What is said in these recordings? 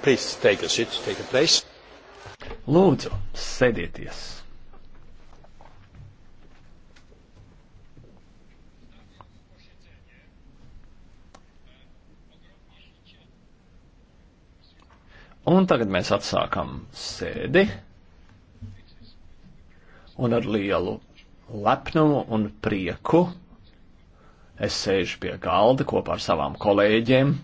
Please take a seat, take a place. Lūdzu, sēdieties. Un tagad mēs atsākam sēdi. Un ar lielu lepnumu un prieku es sēžu pie galda kopā ar savām kolēģiem,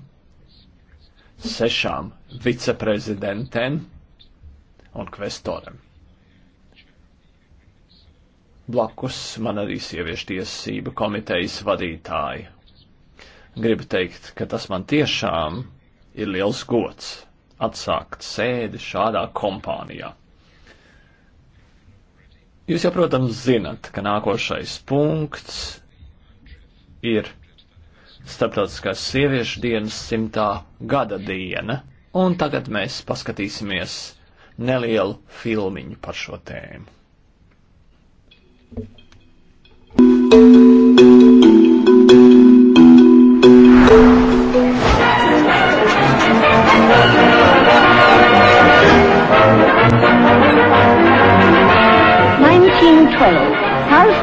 sešām viceprezidentēm un kvestorem. Blakus man arī sieviešu tiesību komitejas vadītāji. Gribu teikt, ka tas man tiešām ir liels gods atsākt sēdi šādā kompānijā. Jūs jau, protams, zinat, ka nākošais punkts ir starptautiskās sieviešu dienas simtā gada diena, un tagad mēs paskatīsimies nelielu filmiņu par šo tēmu. thank you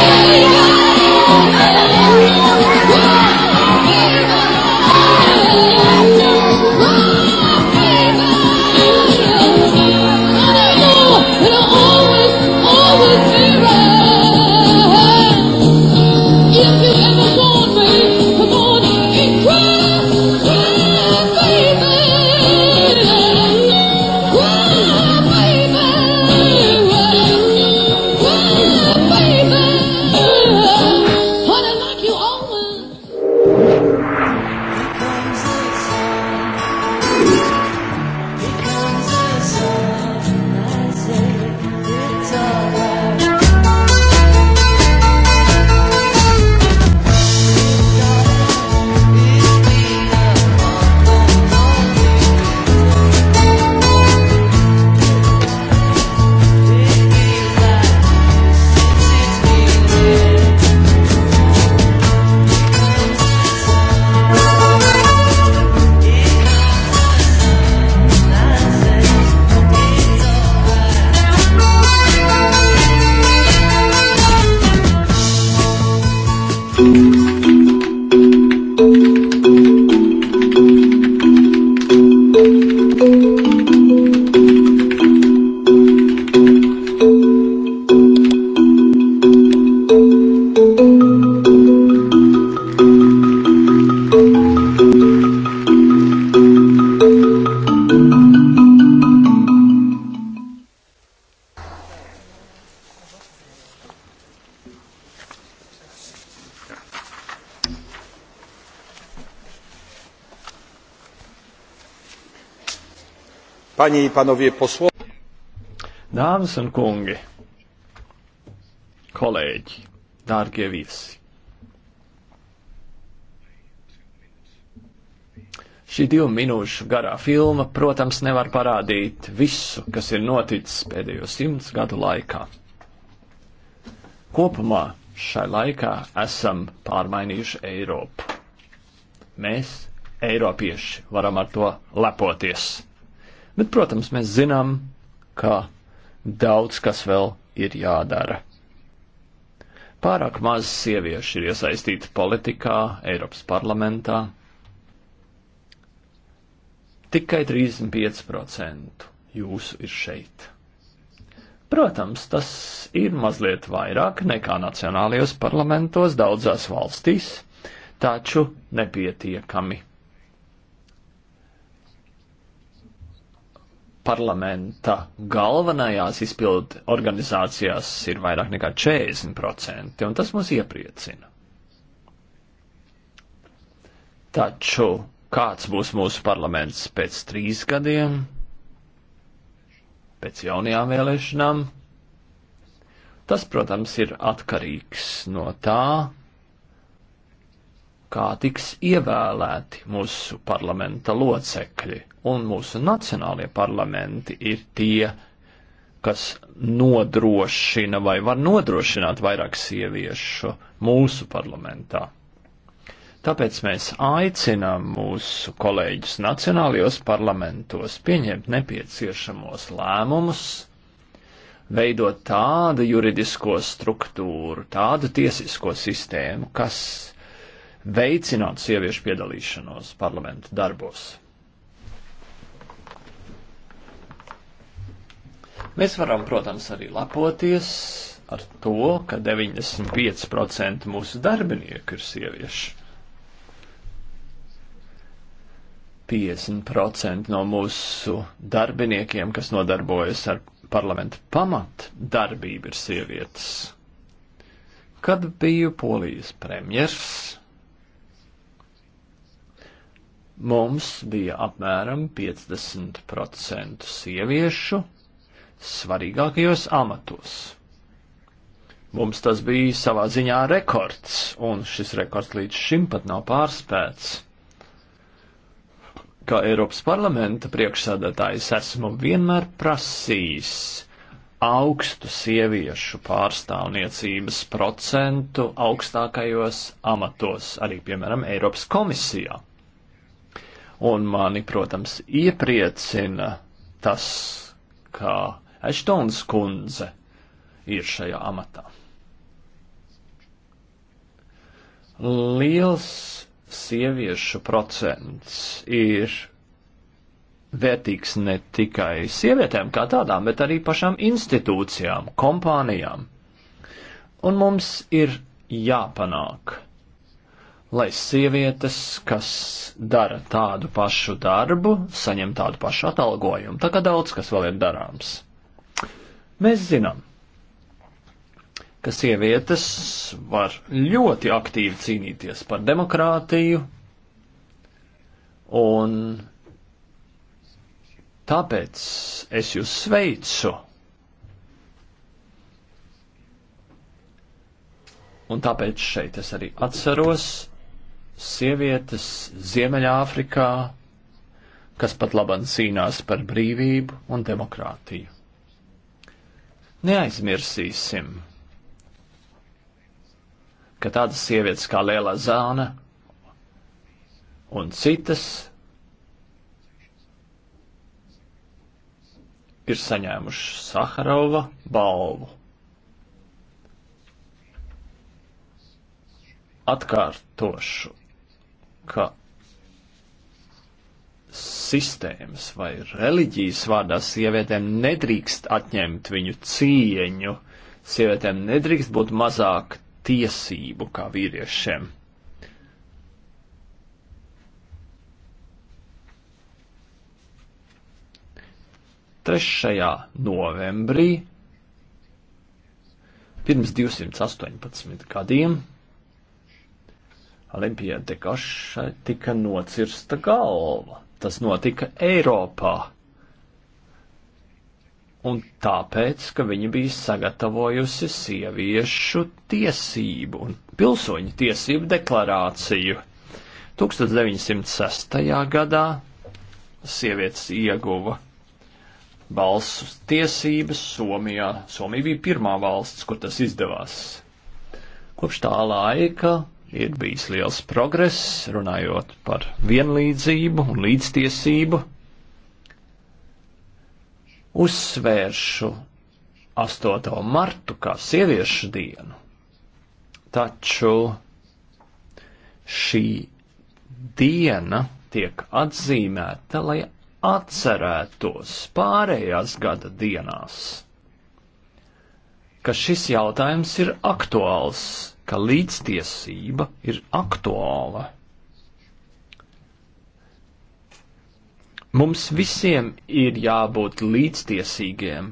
Thank you. Panie i panowie posłowie. Dāmas un kungi, kolēģi, dārgie visi. Šī divu minūšu garā filma, protams, nevar parādīt visu, kas ir noticis pēdējo simts gadu laikā. Kopumā šai laikā esam pārmainījuši Eiropu. Mēs, Eiropieši, varam ar to lepoties. Bet, protams, mēs zinām, ka daudz kas vēl ir jādara. Pārāk maz sieviešu ir iesaistīta politikā, Eiropas parlamentā. Tikai 35% jūsu ir šeit. Protams, tas ir mazliet vairāk nekā nacionālajos parlamentos daudzās valstīs, taču nepietiekami. parlamenta galvenajās izpildu organizācijās ir vairāk nekā 40%, un tas mūs iepriecina. Taču kāds būs mūsu parlaments pēc trīs gadiem, pēc jaunajām vēlēšanām? Tas, protams, ir atkarīgs no tā, kā tiks ievēlēti mūsu parlamenta locekļi, un mūsu nacionālie parlamenti ir tie, kas nodrošina vai var nodrošināt vairāk sieviešu mūsu parlamentā. Tāpēc mēs aicinām mūsu kolēģus nacionālajos parlamentos pieņemt nepieciešamos lēmumus, veidot tādu juridisko struktūru, tādu tiesisko sistēmu, kas veicināt sieviešu piedalīšanos parlamentu darbos. Mēs varam, protams, arī lepoties ar to, ka 95% mūsu darbinieku ir sievieši. 50% no mūsu darbiniekiem, kas nodarbojas ar parlamentu pamat darbību, ir sievietes. Kad biju polijas premjers, Mums bija apmēram 50% sieviešu svarīgākajos amatos. Mums tas bija savā ziņā rekords, un šis rekords līdz šim pat nav pārspēts. Kā Eiropas parlamenta priekšsēdētājs esmu vienmēr prasījis augstu sieviešu pārstāvniecības procentu augstākajos amatos, arī, piemēram, Eiropas komisijā. Un mani, protams, iepriecina tas, kā Eštons kundze ir šajā amatā. Liels sieviešu procents ir vērtīgs ne tikai sievietēm kā tādām, bet arī pašām institūcijām, kompānijām. Un mums ir jāpanāk, lai sievietes, kas dara tādu pašu darbu, saņem tādu pašu atalgojumu. Tā kā daudz kas vēl ir darāms. Mēs zinām, ka sievietes var ļoti aktīvi cīnīties par demokrātiju, un tāpēc es jūs sveicu. Un tāpēc šeit es arī atceros sievietes Ziemeļāfrikā, kas pat labam cīnās par brīvību un demokrātiju. Neaizmirsīsim, ka tādas sievietes kā Lēlā Zāna un citas ir saņēmuši Saharova balvu. Atkārtošu ka sistēmas vai reliģijas vārdā sievietēm nedrīkst atņemt viņu cieņu, sievietēm nedrīkst būt mazāk tiesību kā vīriešiem. Trešajā novembrī pirms 218 gadiem Olimpietikašai tika nocirsta galva. Tas notika Eiropā. Un tāpēc, ka viņa bija sagatavojusi sieviešu tiesību un pilsoņu tiesību deklarāciju. 1906. gadā sievietes ieguva balsu tiesības Somijā. Somija bija pirmā valsts, kur tas izdevās. Kopš tā laika ir bijis liels progress, runājot par vienlīdzību un līdztiesību. Uzsvēršu 8. martu kā sieviešu dienu, taču šī diena tiek atzīmēta, lai atcerētos pārējās gada dienās, ka šis jautājums ir aktuāls ka līdztiesība ir aktuāla. Mums visiem ir jābūt līdztiesīgiem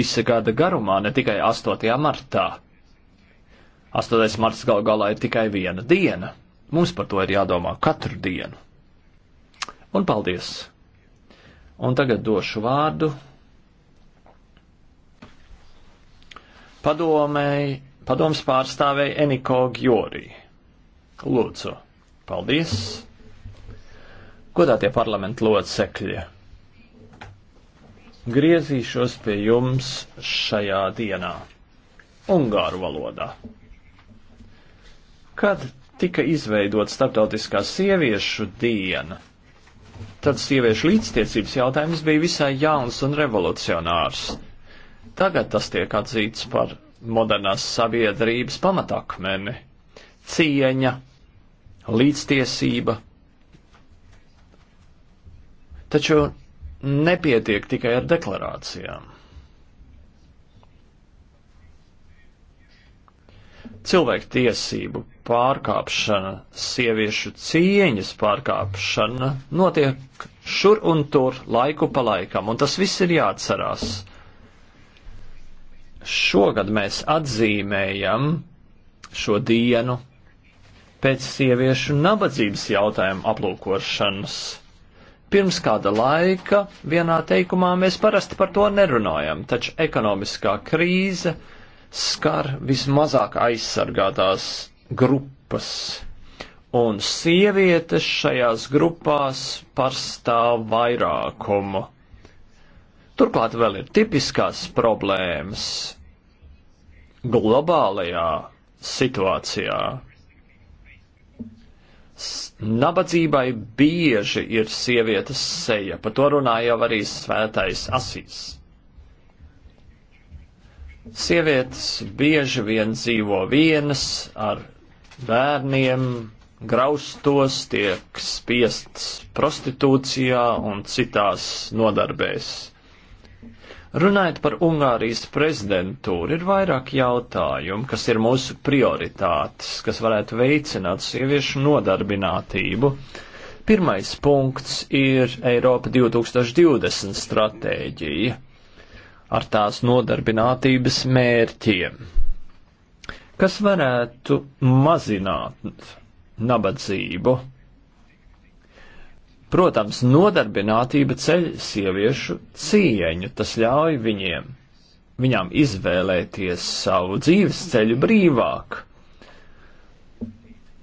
visa gada garumā, ne tikai 8. martā. 8. marts gal galā ir tikai viena diena. Mums par to ir jādomā katru dienu. Un paldies! Un tagad došu vārdu padomēji padoms pārstāvēja Eniko Gjorī. Lūdzu, paldies! Godātie parlamentu locekļi! Griezīšos pie jums šajā dienā, Ungāru valodā. Kad tika izveidota Startautiskā sieviešu diena, tad sieviešu līdztiecības jautājums bija visai jauns un revolucionārs. Tagad tas tiek atzīts par modernās sabiedrības pamatakmeni - cieņa, līdztiesība. Taču nepietiek tikai ar deklarācijām. Cilvēku tiesību pārkāpšana, sieviešu cieņas pārkāpšana notiek šur un tur, laiku pa laikam, un tas viss ir jāatcerās. Šogad mēs atzīmējam šo dienu pēc sieviešu nabadzības jautājumu aplūkošanas. Pirms kāda laika vienā teikumā mēs parasti par to nerunājam, taču ekonomiskā krīze skar vismazāk aizsargātās grupas, un sievietes šajās grupās pārstāv vairākumu Turklāt vēl ir tipiskās problēmas globālajā situācijā. Nabadzībai bieži ir sievietes seja, par to runāja jau arī svētais asīs. Sievietes bieži vien dzīvo vienas ar bērniem, graustos, tiek spiests prostitūcijā un citās nodarbēs Runājot par Ungārijas prezidentūru, ir vairāk jautājumu, kas ir mūsu prioritātes, kas varētu veicināt sieviešu nodarbinātību. Pirmais punkts ir Eiropa 2020 stratēģija ar tās nodarbinātības mērķiem, kas varētu mazināt nabadzību Protams, nodarbinātība ceļ sieviešu cieņu, tas ļauj viņiem, viņām izvēlēties savu dzīves ceļu brīvāk.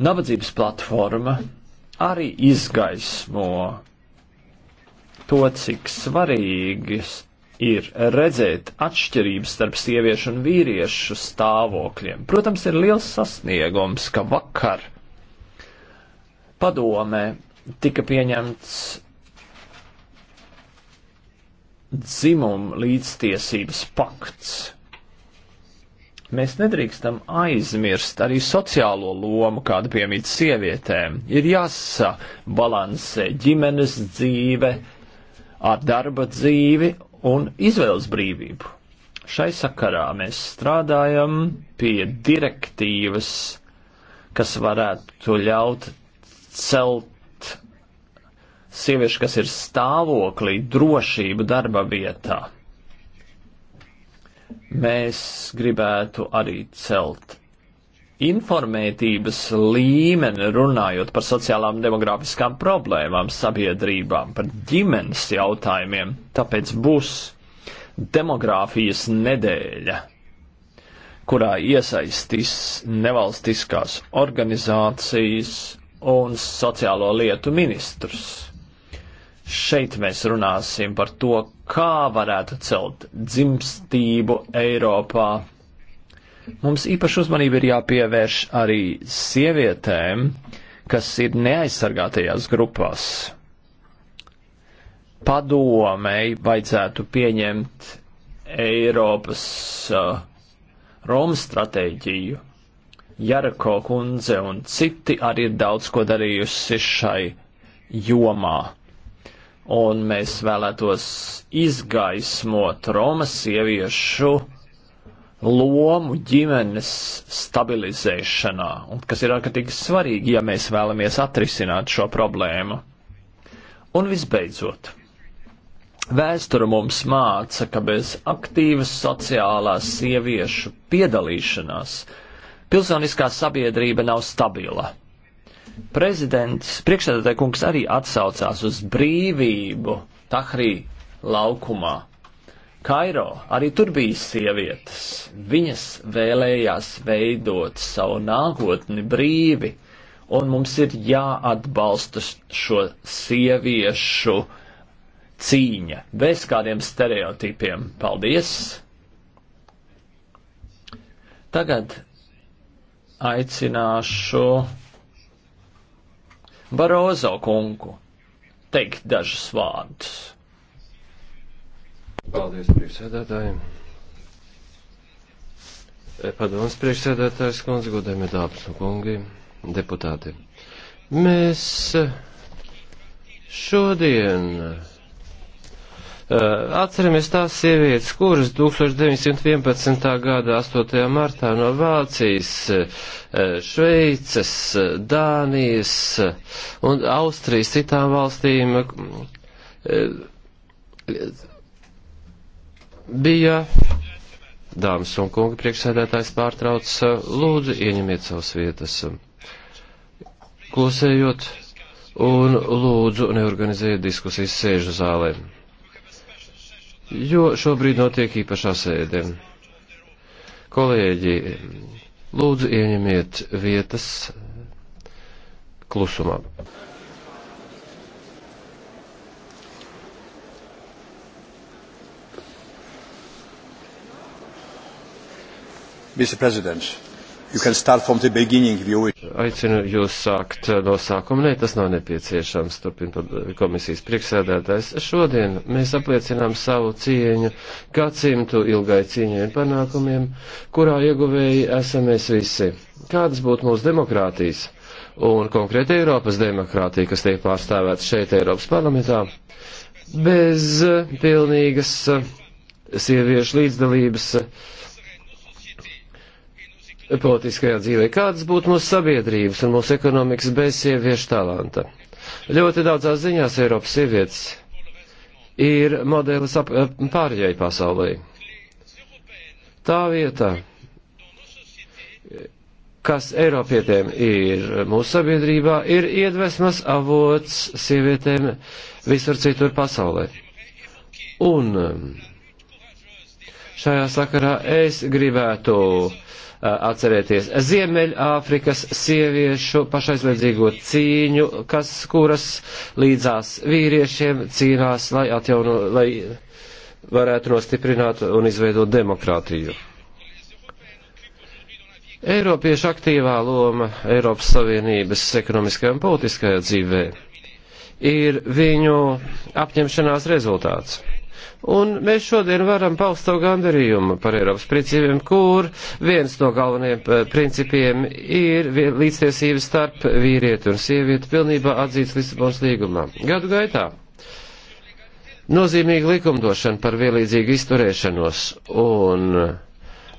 Nabadzības platforma arī izgaismo to, cik svarīgi ir redzēt atšķirības starp sieviešu un vīriešu stāvokļiem. Protams, ir liels sasniegums, ka vakar padomē tika pieņemts dzimuma līdztiesības pakts. Mēs nedrīkstam aizmirst arī sociālo lomu, kāda piemīt sievietēm. Ir jāsabalansē ģimenes dzīve ar darba dzīvi un izvēles brīvību. Šai sakarā mēs strādājam pie direktīvas, kas varētu ļaut celt sieviešu, kas ir stāvoklī, drošību darba vietā. Mēs gribētu arī celt informētības līmeni runājot par sociālām demografiskām problēmām sabiedrībām, par ģimenes jautājumiem. Tāpēc būs demogrāfijas nedēļa, kurā iesaistīs nevalstiskās organizācijas un sociālo lietu ministrus. Šeit mēs runāsim par to, kā varētu celt dzimstību Eiropā. Mums īpaši uzmanība ir jāpievērš arī sievietēm, kas ir neaizsargātajās grupās. Padomēji vajadzētu pieņemt Eiropas uh, Romas stratēģiju. Jarko kundze un citi arī ir daudz ko darījusi šai jomā un mēs vēlētos izgaismot Romas sieviešu lomu ģimenes stabilizēšanā, un kas ir ārkārtīgi svarīgi, ja mēs vēlamies atrisināt šo problēmu. Un visbeidzot, vēsture mums māca, ka bez aktīvas sociālās sieviešu piedalīšanās pilsoniskā sabiedrība nav stabila. Prezidents, priekšsēdētāja kungs arī atsaucās uz brīvību Tahrī laukumā. Kairo arī tur bija sievietes. Viņas vēlējās veidot savu nākotni brīvi, un mums ir jāatbalsta šo sieviešu cīņa bez kādiem stereotipiem. Paldies! Tagad aicināšu Barozo kungu teikt dažus vārdus. Paldies priekšsēdētājiem. Padoms priekšsēdētājs kundze, godējumie dāmas un kungi, deputāti. Mēs šodien Eh, atceramies tās sievietes, kuras 1911. gada 8. martā no Vācijas, eh, Šveices, Dānijas un Austrijas citām valstīm eh, bija Dāmas un kungi, priekšsēdētājs pārtrauc, lūdzu, ieņemiet savas vietas. Klusējot un lūdzu, neorganizējiet diskusijas sēžu zālēm jo šobrīd notiek īpašā sēde. Kolēģi, lūdzu ieņemiet vietas klusumā. Mr. President. Aicinu jūs sākt no sākuma. Nē, tas nav nepieciešams, turpina komisijas priekšsēdētājs. Šodien mēs apliecinām savu cieņu gadsimtu ilgai cīņai un panākumiem, kurā ieguvēji esam mēs visi. Kādas būtu mūsu demokrātijas un konkrēti Eiropas demokrātija, kas tiek pārstāvēta šeit Eiropas parlamentā, bez pilnīgas sieviešu līdzdalības? politiskajā dzīvē, kādas būtu mūsu sabiedrības un mūsu ekonomikas bez sieviešu talanta. Ļoti daudzās ziņās Eiropas sievietes ir modelis pārējai pasaulē. Tā vietā, kas Eiropietiem ir mūsu sabiedrībā, ir iedvesmas avots sievietēm visur citur pasaulē. Un um, šajā sakarā es gribētu uh, atcerēties Ziemeļāfrikas sieviešu pašaizliedzīgo cīņu, kas, kuras līdzās vīriešiem cīnās, lai atjauno, lai varētu nostiprināt un izveidot demokrātiju. Eiropiešu aktīvā loma Eiropas Savienības ekonomiskajā un politiskajā dzīvē ir viņu apņemšanās rezultāts. Un mēs šodien varam paust savu gandarījumu par Eiropas principiem, kur viens no galvenajiem eh, principiem ir līdztiesības starp vīrieti un sievieti pilnībā atzīts Lisabonas līgumā. Gadu gaitā nozīmīga likumdošana par vienlīdzīgu izturēšanos un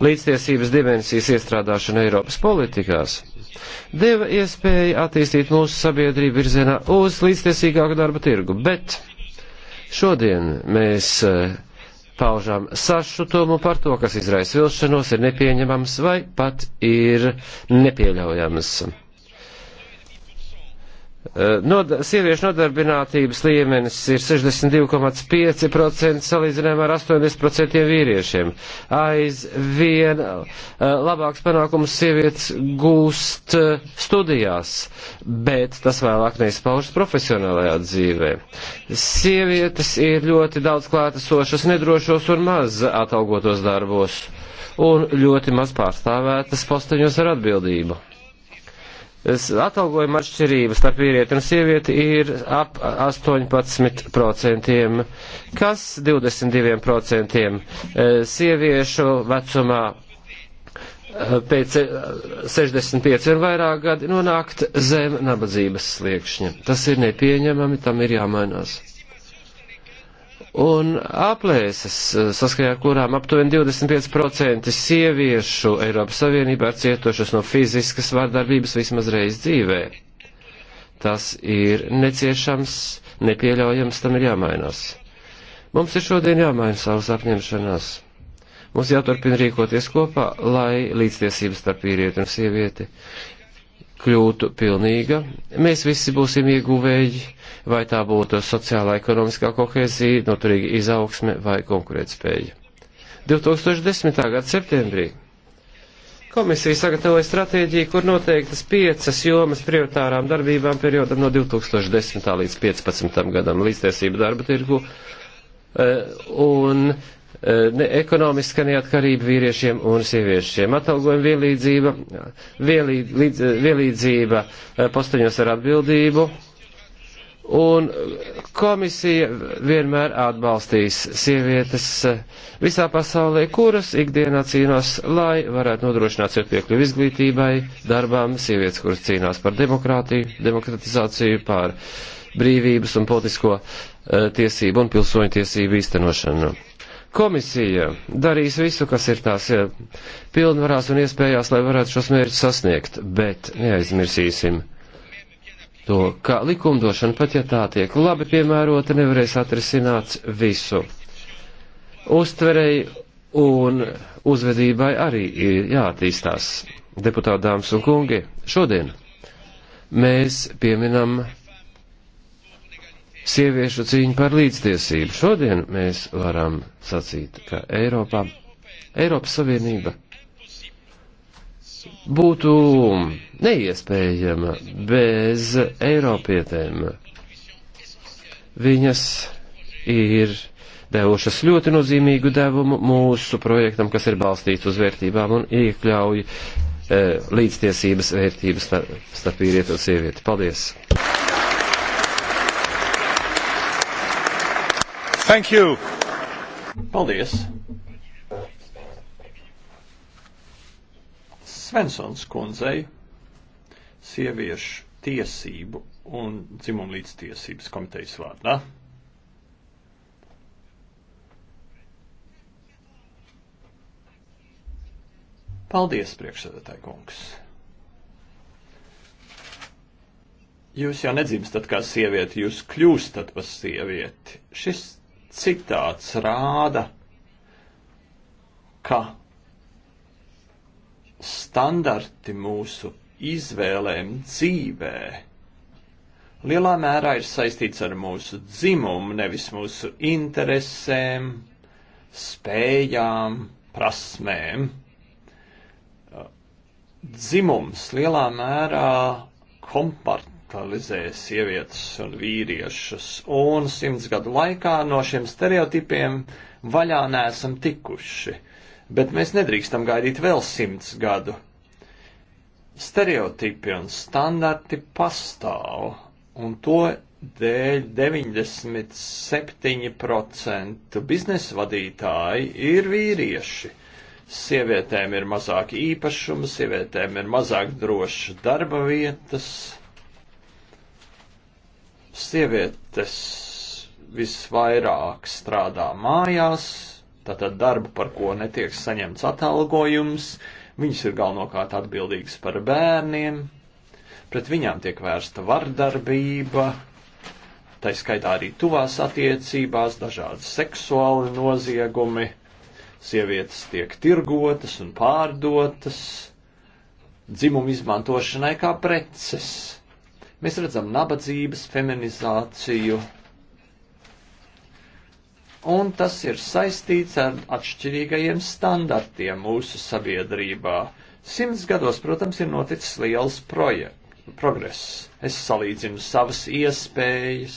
līdztiesības dimensijas iestrādāšana Eiropas politikās deva iespēju attīstīt mūsu sabiedrību virzienā uz līdztiesīgāku darba tirgu, bet Šodien mēs e, paužam sašutumu par to, kas izraisa vilšanos, ir nepieņemams vai pat ir nepieļaujams. Eh, nod, sieviešu nodarbinātības līmenis ir 62,5% salīdzinājumā ar 80% vīriešiem. Aizvien eh, labāks panākums sievietes gūst eh, studijās, bet tas vēlāk neizpaužas profesionālajā dzīvē. Sievietes ir ļoti daudz klātesošas nedrošos un maz atalgotos darbos un ļoti maz pārstāvētas posteņos ar atbildību atalgojuma atšķirība starp vīrieti un sievieti ir ap 18%, kas 22% e, sieviešu vecumā e, pēc 65 un vairāk gadi nonākt zem nabadzības sliekšņa. Tas ir nepieņemami, tam ir jāmainās un aplēses, eh, saskaņā ar kurām aptuveni 25% sieviešu Eiropas Savienībā ir cietušas no fiziskas vārdarbības vismaz reiz dzīvē. Tas ir neciešams, nepieļaujams, tam ir jāmainās. Mums ir šodien jāmaina savas apņemšanās. Mums jāturpina rīkoties kopā, lai līdztiesības starp vīrieti un sievieti kļūtu pilnīga, mēs visi būsim ieguvēji, vai tā būtu sociālā ekonomiskā kohēzija, noturīga izaugsme vai konkurētspēja. 2010. gada septembrī komisija sagatavoja stratēģiju, kur noteiktas piecas jomas prioritārām darbībām periodam no 2010. līdz 2015. gadam līdztiesību darba tirgu, eh, un Eh, ne ekonomiska neatkarība vīriešiem un sieviešiem. Atalgojuma vienlīdzība, vienlīdz, eh, vienlīdzība eh, postaņos ar atbildību. Un komisija vienmēr atbalstīs sievietes visā pasaulē, kuras ikdienā cīnās, lai varētu nodrošināt sev piekļuvi izglītībai, darbām, sievietes, kuras cīnās par demokrātiju, demokratizāciju, par brīvības un politisko uh, tiesību un pilsoņu tiesību īstenošanu. Komisija darīs visu, kas ir tās pilnvarās un iespējās, lai varētu šos mērķus sasniegt, bet neaizmirsīsim to, ka likumdošana, pat ja tā tiek labi piemērota, nevarēs atrisināt visu. Uztverēji un uzvedībai arī ir jātīstās. Deputātām un kungi, šodien mēs pieminam sieviešu cīņu par līdztiesību. Šodien mēs varam sacīt, ka Eiropā, Eiropas Savienība būtu neiespējama bez Eiropietēm. Viņas ir devušas ļoti nozīmīgu devumu mūsu projektam, kas ir balstīts uz vērtībām un iekļauj e, līdztiesības vērtības starp, starp vīrieti un sievieti. Paldies! Thank you. Paldies. Svensons kundzei, sieviešu tiesību un dzimumu līdztiesības komitejas vārdā. Paldies, priekšsēdētāji kungs. Jūs jau nedzimstat kā sievieti, jūs kļūstat par sievieti. Šis citāts rāda, ka standarti mūsu izvēlēm dzīvē lielā mērā ir saistīts ar mūsu dzimumu, nevis mūsu interesēm, spējām, prasmēm. Dzimums lielā mērā kompart totalizē sievietes un vīriešus, un simts gadu laikā no šiem stereotipiem vaļā nesam tikuši, bet mēs nedrīkstam gaidīt vēl simts gadu. Stereotipi un standarti pastāv, un to dēļ 97% biznesa vadītāji ir vīrieši sievietēm ir mazāk īpašuma, sievietēm ir mazāk drošas darba vietas, Sievietes visvairāk strādā mājās, tātad darbu, par ko netiek saņemts atalgojums, viņas ir galvenokārt atbildīgas par bērniem, pret viņām tiek vērsta vardarbība, tā skaitā arī tuvās attiecībās, dažādi seksuāli noziegumi, sievietes tiek tirgotas un pārdotas, dzimumu izmantošanai kā preces Mēs redzam nabadzības, feminizāciju, un tas ir saistīts ar atšķirīgajiem standartiem mūsu sabiedrībā. Simts gados, protams, ir noticis liels projekt, progress. Es salīdzinu savas iespējas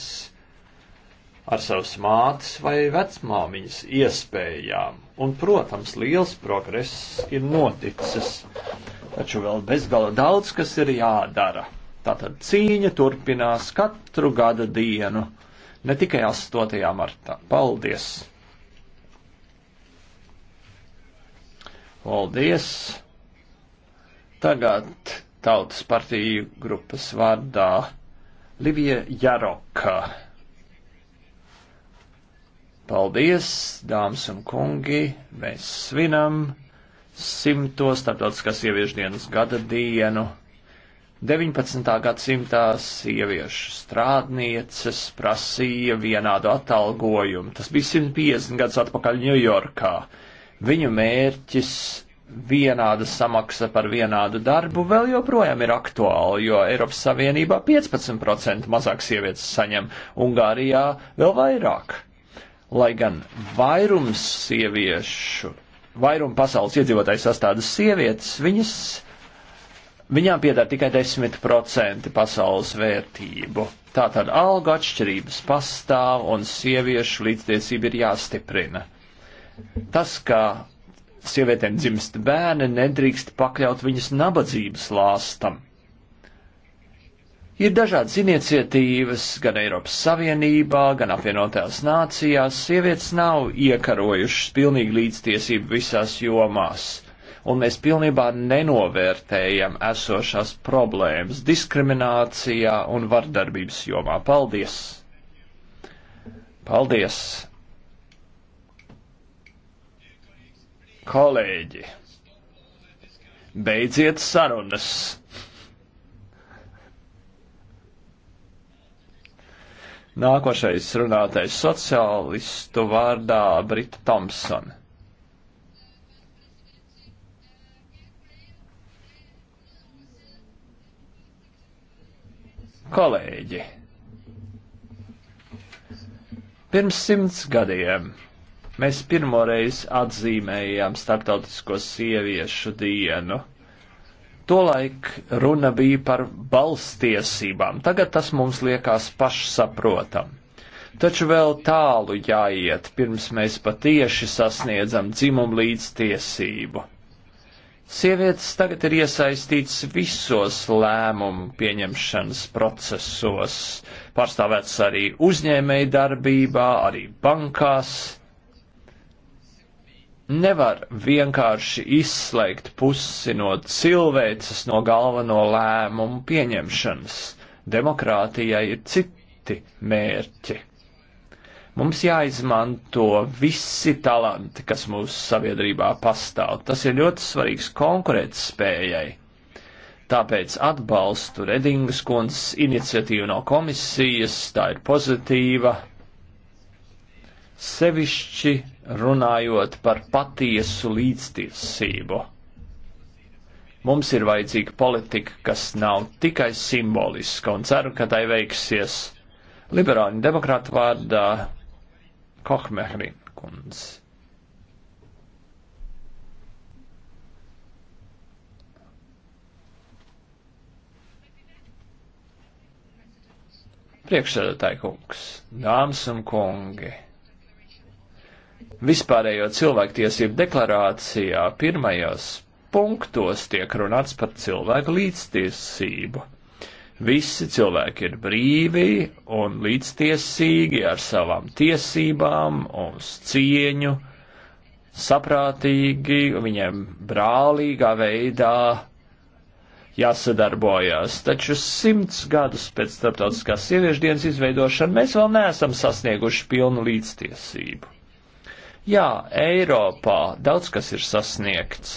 ar savas mātes vai vecmāmiņas iespējām, un, protams, liels progress ir noticis, taču vēl bezgala daudz, kas ir jādara. Tātad cīņa turpinās katru gada dienu, ne tikai 8. martā. Paldies! Paldies! Tagad Tautas partiju grupas vārdā Livija Jaroka. Paldies, dāmas un kungi, mēs svinam simto starptautiskās sieviešu dienas gada dienu. 19. gadsimtā sieviešu strādnieces prasīja vienādu atalgojumu. Tas bija 150 gadus atpakaļ Ņujorkā. Viņu mērķis vienāda samaksa par vienādu darbu vēl joprojām ir aktuāli, jo Eiropas Savienībā 15% mazāk sievietes saņem, Ungārijā vēl vairāk. Lai gan vairums sieviešu, vairums pasaules iedzīvotājs sastādas sievietes, viņas Viņām piedara tikai 10% pasaules vērtību. Tātad algu atšķirības pastāv un sieviešu līdztiesība ir jāstiprina. Tas, kā sievietēm dzimst bērni, nedrīkst pakļaut viņas nabadzības lāstam. Ir dažādas iniciatīvas gan Eiropas Savienībā, gan apvienotās nācijās. Sievietes nav iekarojušas pilnīgi līdztiesību visās jomās un mēs pilnībā nenovērtējam esošās problēmas diskriminācijā un vardarbības jomā. Paldies! Paldies! Kolēģi! Beidziet sarunas! Nākošais runātais sociālistu vārdā Brita Thompsona. Kolēģi, pirms simts gadiem mēs pirmoreiz atzīmējām Startautisko sieviešu dienu. Tolaik runa bija par balstiesībām, tagad tas mums liekas pašsaprotam. Taču vēl tālu jāiet, pirms mēs patieši sasniedzam dzimumu līdztiesību. Sievietes tagad ir iesaistītas visos lēmumu pieņemšanas procesos, pārstāvētas arī uzņēmēji darbībā, arī bankās. Nevar vienkārši izslēgt pusi no cilvēces no galveno lēmumu pieņemšanas. Demokrātijai ir citi mērķi. Mums jāizmanto visi talanti, kas mūsu sabiedrībā pastāv. Tas ir ļoti svarīgs konkurētspējai. Tāpēc atbalstu Redingas kundzes iniciatīvu no komisijas, tā ir pozitīva. Sevišķi runājot par patiesu līdztiesību. Mums ir vajadzīga politika, kas nav tikai simboliska, un ceru, ka tai veiksies. Liberāļu demokrātu vārdā Kochmehrin kundz. Priekšsēdētāji kungs, dāmas un kungi. Vispārējo cilvēktiesību deklarācijā pirmajos punktos tiek runāts par cilvēku līdztiesību. Visi cilvēki ir brīvi un līdztiesīgi ar savām tiesībām un cieņu, saprātīgi, viņiem brālīgā veidā jāsadarbojās. Taču simts gadus pēc starptautiskās sieviešu dienas izveidošana mēs vēl neesam sasnieguši pilnu līdztiesību. Jā, Eiropā daudz kas ir sasniegts,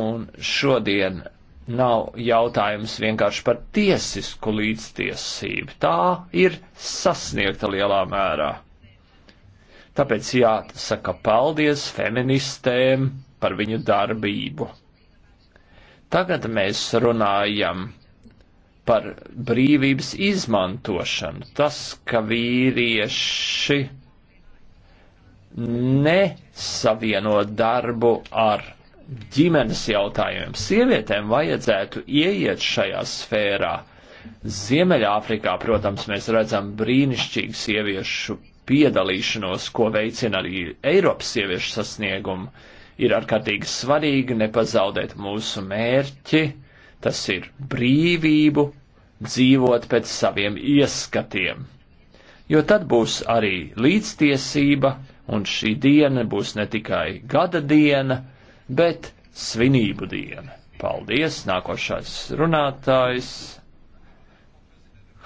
un šodien nav jautājums vienkārši par tiesisku līdztiesību. Tā ir sasniegta lielā mērā. Tāpēc jāsaka paldies feministēm par viņu darbību. Tagad mēs runājam par brīvības izmantošanu. Tas, ka vīrieši nesavieno darbu ar ģimenes jautājumiem. Sievietēm vajadzētu ieiet šajā sfērā. Ziemeļāfrikā, protams, mēs redzam brīnišķīgu sieviešu piedalīšanos, ko veicina arī Eiropas sieviešu sasniegumu. Ir ārkārtīgi svarīgi nepazaudēt mūsu mērķi, tas ir brīvību, dzīvot pēc saviem ieskatiem. Jo tad būs arī līdztiesība, un šī diena būs ne tikai gada diena, bet svinību diena. Paldies, nākošais runātājs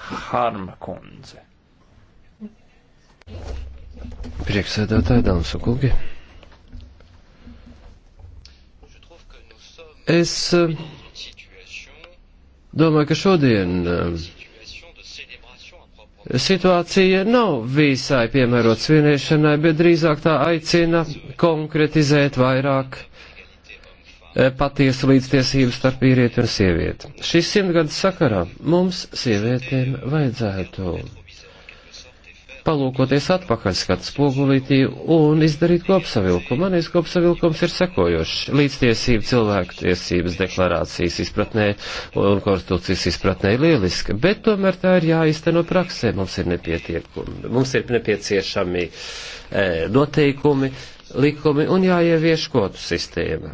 Harma kundze. Prieksēdētāji, dāmas un kungi. Es eh, domāju, ka šodien eh, situācija nav visai piemērot svinēšanai, bet drīzāk tā aicina konkretizēt vairāk E, patiesu līdztiesību starp vīrieti un sievieti. Šis simtgadus sakarā mums, sievietēm, vajadzētu palūkoties atpakaļ skatu spogulītī un izdarīt kopsavilkumu. Manais kopsavilkums ir sekojošs. Līdztiesība cilvēku tiesības deklarācijas izpratnē un konstitūcijas izpratnē ir lieliska, bet tomēr tā ir jāizteno praksē. Mums ir nepietiekumi, mums ir nepieciešami e, noteikumi, likumi un jāievieš kvotu sistēma.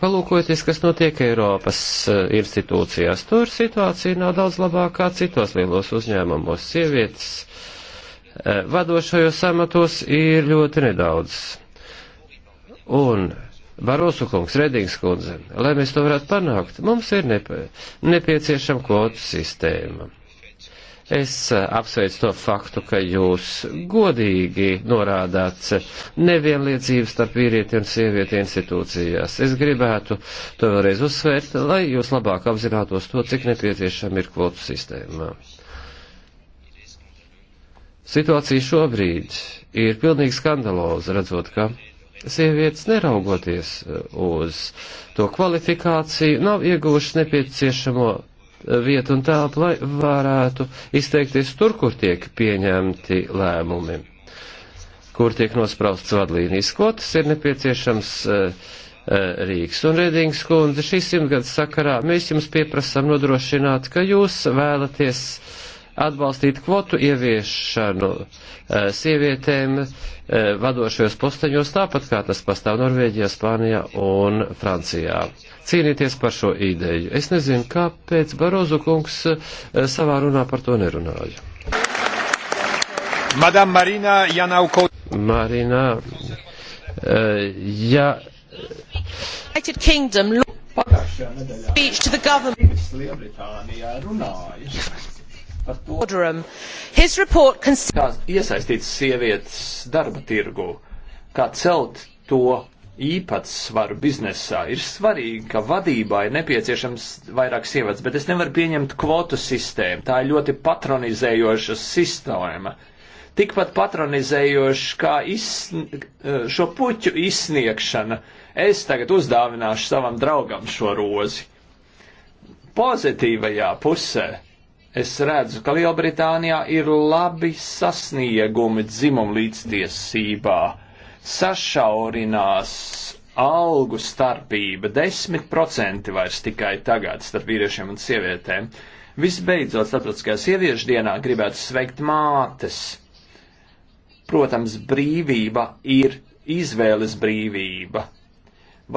Palūkojoties, kas notiek Eiropas eh, institūcijās, tur situācija nav daudz labākā citos lielos uzņēmumos. Sievietes eh, vadošajos amatos ir ļoti nedaudz. Un Barosu kungs, Redings kundze, lai mēs to varētu panākt, mums ir nepie, nepieciešama kvotu sistēma. Es eh, apsveicu to faktu, ka jūs godīgi norādāt eh, nevienlīdzību starp vīrieti un sievieti institūcijās. Es gribētu to vēlreiz uzsvērt, lai jūs labāk apzinātos to, cik nepieciešama ir kvotu sistēma. Situācija šobrīd ir pilnīgi skandaloza, redzot, ka sievietes neraugoties eh, uz to kvalifikāciju nav iegūšas nepieciešamo vietu un telpu, lai varētu izteikties tur, kur tiek pieņemti lēmumi, kur tiek nospraustas vadlīnijas, ko tas ir nepieciešams uh, Rīgas un Redings kundze, šīs simtgades sakarā mēs jums pieprasām nodrošināt, ka jūs vēlaties uh, atbalstīt kvotu ieviešanu eh, sievietēm eh, vadošajos posteņos, tāpat kā tas pastāv Norvēģijā, Spānijā un Francijā. Cīnīties par šo ideju. Es nezinu, kāpēc Barozu kungs eh, savā runā par to nerunāja. Madam Marina Janauko. Marina, ja. United Kingdom pagājušajā nedēļā par to, kā iesaistīt sievietes darba tirgu, kā celt to īpatsvaru biznesā. Ir svarīgi, ka vadībā ir nepieciešams vairāk sievietes, bet es nevaru pieņemt kvotu sistēmu. Tā ir ļoti patronizējoša sistēma tikpat patronizējoši kā iz, eh, šo puķu izsniegšana. Es tagad uzdāvināšu savam draugam šo rozi. Pozitīvajā pusē es redzu, ka Lielbritānijā ir labi sasniegumi dzimuma līdztiesībā. Sašaurinās algu starpība 10% vairs tikai tagad starp vīriešiem un sievietēm. Visbeidzot, starptautiskajā sieviešu dienā gribētu sveikt mātes. Protams, brīvība ir izvēles brīvība.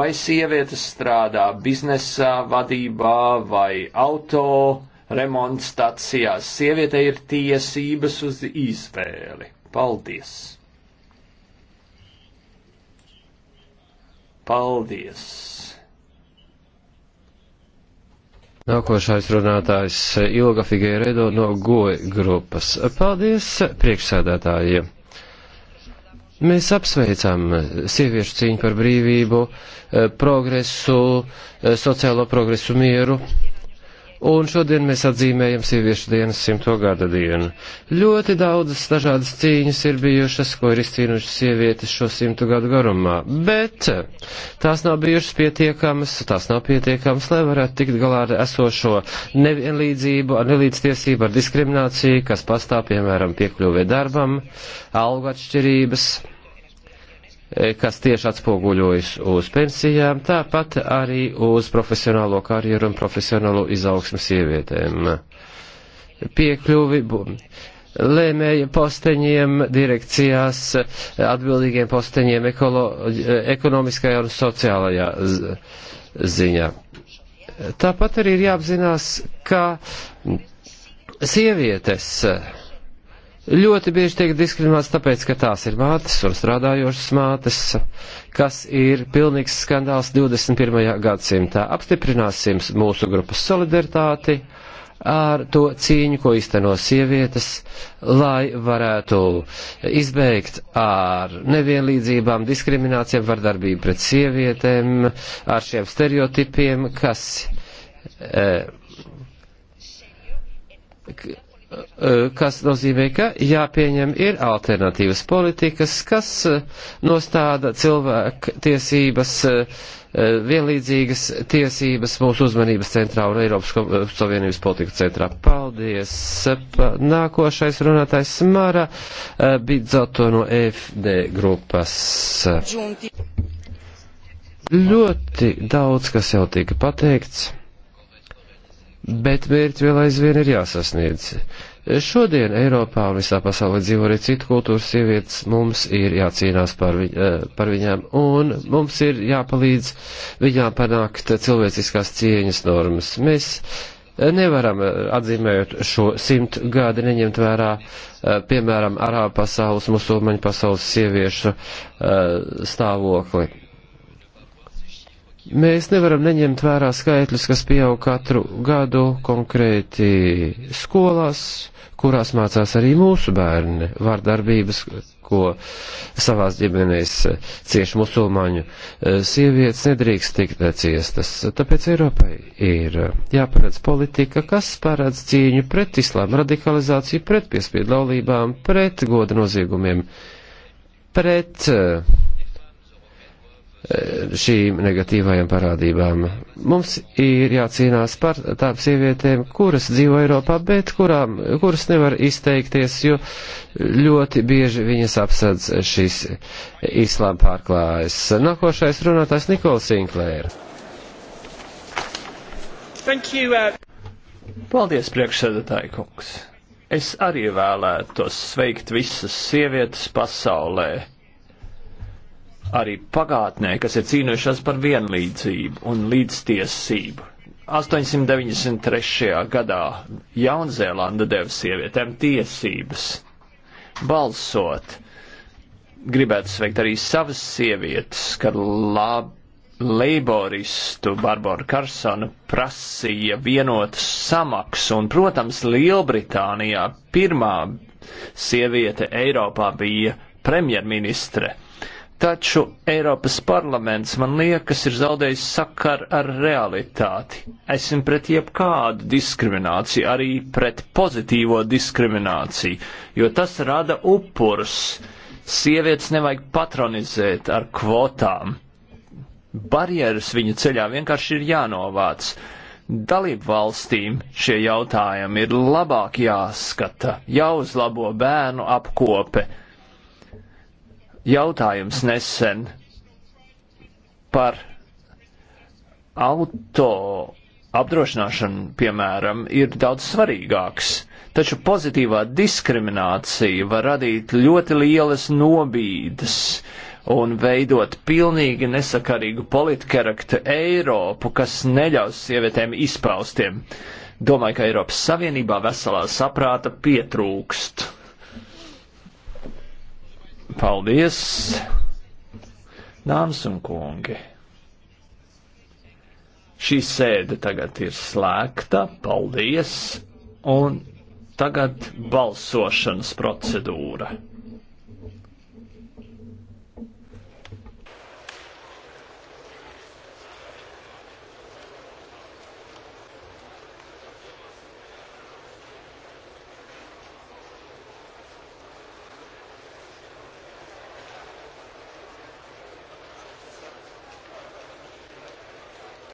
Vai sievietes strādā biznesā, vadībā vai auto, uh, remonta stacijās. Sievietei ir tiesības uz izvēli. Paldies! Paldies! Nākošais runātājs Ilga Figueiredo no Goja grupas. Paldies priekšsēdētājiem! Mēs apsveicam sieviešu cīņu par brīvību, eh, progresu, eh, sociālo progresu mieru Un šodien mēs atzīmējam sieviešu dienas simto gada dienu. Ļoti daudzas dažādas cīņas ir bijušas, ko ir izcīnušas sievietes šo simtu gadu garumā, bet tās nav bijušas pietiekamas, tās nav pietiekamas, lai varētu tikt galā ar esošo nevienlīdzību, ar nelīdztiesību, ar diskrimināciju, kas pastāv, piemēram, piekļuvē darbam, algu atšķirības E, kas tieši atspoguļojas uz pensijām, tāpat arī uz profesionālo karjeru un profesionālo izaugsmu sievietēm. Piekļuvi lēmēju posteņiem, direkcijās, atbildīgiem posteņiem ekolo, ekonomiskajā un sociālajā ziņā. Tāpat arī ir jāapzinās, ka sievietes ļoti bieži tiek diskriminēts tāpēc, ka tās ir mātes un strādājošas mātes, kas ir pilnīgs skandāls 21. gadsimtā. Apstiprināsim mūsu grupas solidaritāti ar to cīņu, ko izteno sievietes, lai varētu izbeigt ar nevienlīdzībām, diskriminācijām, vardarbību pret sievietēm, ar šiem stereotipiem, kas. Eh, Eh, kas nozīmē, ka jāpieņem ir alternatīvas politikas, kas eh, nostāda cilvēku tiesības, eh, vienlīdzīgas tiesības mūsu uzmanības centrā un Eiropas Savienības politikas centrā. Paldies! Nākošais runātājs Mara Bidzoto no FD grupas. Ļoti daudz, kas jau tika pateikts bet mērķi vēl aizvien ir jāsasniedz. Šodien Eiropā un visā pasaulē dzīvo arī citu kultūru sievietes, mums ir jācīnās par, viņ, eh, par viņām un mums ir jāpalīdz viņām panākt cilvēciskās cieņas normas. Mēs eh, nevaram eh, atzīmējot šo simt gadi neņemt vērā, piemēram, arābu pasaules, musulmaņu pasaules sieviešu stāvokli Mēs nevaram neņemt vērā skaitļus, kas pieaug katru gadu konkrēti skolās, kurās mācās arī mūsu bērni vārdarbības, ko savās ģimenēs cieši musulmaņu e, sievietes nedrīkst tikt ciestas. Tāpēc Eiropai ir jāparedz politika, kas paredz cīņu pret islāma radikalizāciju, pret piespiedu laulībām, pret goda noziegumiem, pret uh, Eh, šīm negatīvajām parādībām. Mums ir jācīnās par tām sievietēm, kuras dzīvo Eiropā, bet kurām, kuras nevar izteikties, jo ļoti bieži viņas apsadz šīs islām pārklājas. Nākošais runātājs Nikola Sinklēra. Uh, Paldies, priekšsēdētāji kungs. Es arī vēlētos sveikt visas sievietes pasaulē arī pagātnē, kas ir cīnījušās par vienlīdzību un līdztiesību. 893. gadā Jaunzēlanda deva sievietēm tiesības balsot. Gribētu sveikt arī savas sievietes, kad lab, leiboristu Barbara Karsona prasīja vienotas samaksu, un, protams, Lielbritānijā pirmā sieviete Eiropā bija premjerministre. Taču Eiropas parlaments, man liekas, ir zaudējis sakaru ar realitāti. Esmu pret jebkādu diskrimināciju, arī pret pozitīvo diskrimināciju, jo tas rada upurus. Sievietes nevajag patronizēt ar kvotām. Barjeras viņu ceļā vienkārši ir jānovāc. Dalību valstīm šie jautājumi ir labāk jāskata, jāuzlabo bērnu apkope jautājums nesen par auto apdrošināšana, piemēram, ir daudz svarīgāks, taču pozitīvā diskriminācija var radīt ļoti lielas nobīdes un veidot pilnīgi nesakarīgu politkaraktu Eiropu, kas neļaus sievietēm izpaustiem. Domāju, ka Eiropas Savienībā veselā saprāta pietrūkst. Paldies, dāmas un kungi! Šī sēde tagad ir slēgta, paldies, un tagad balsošanas procedūra.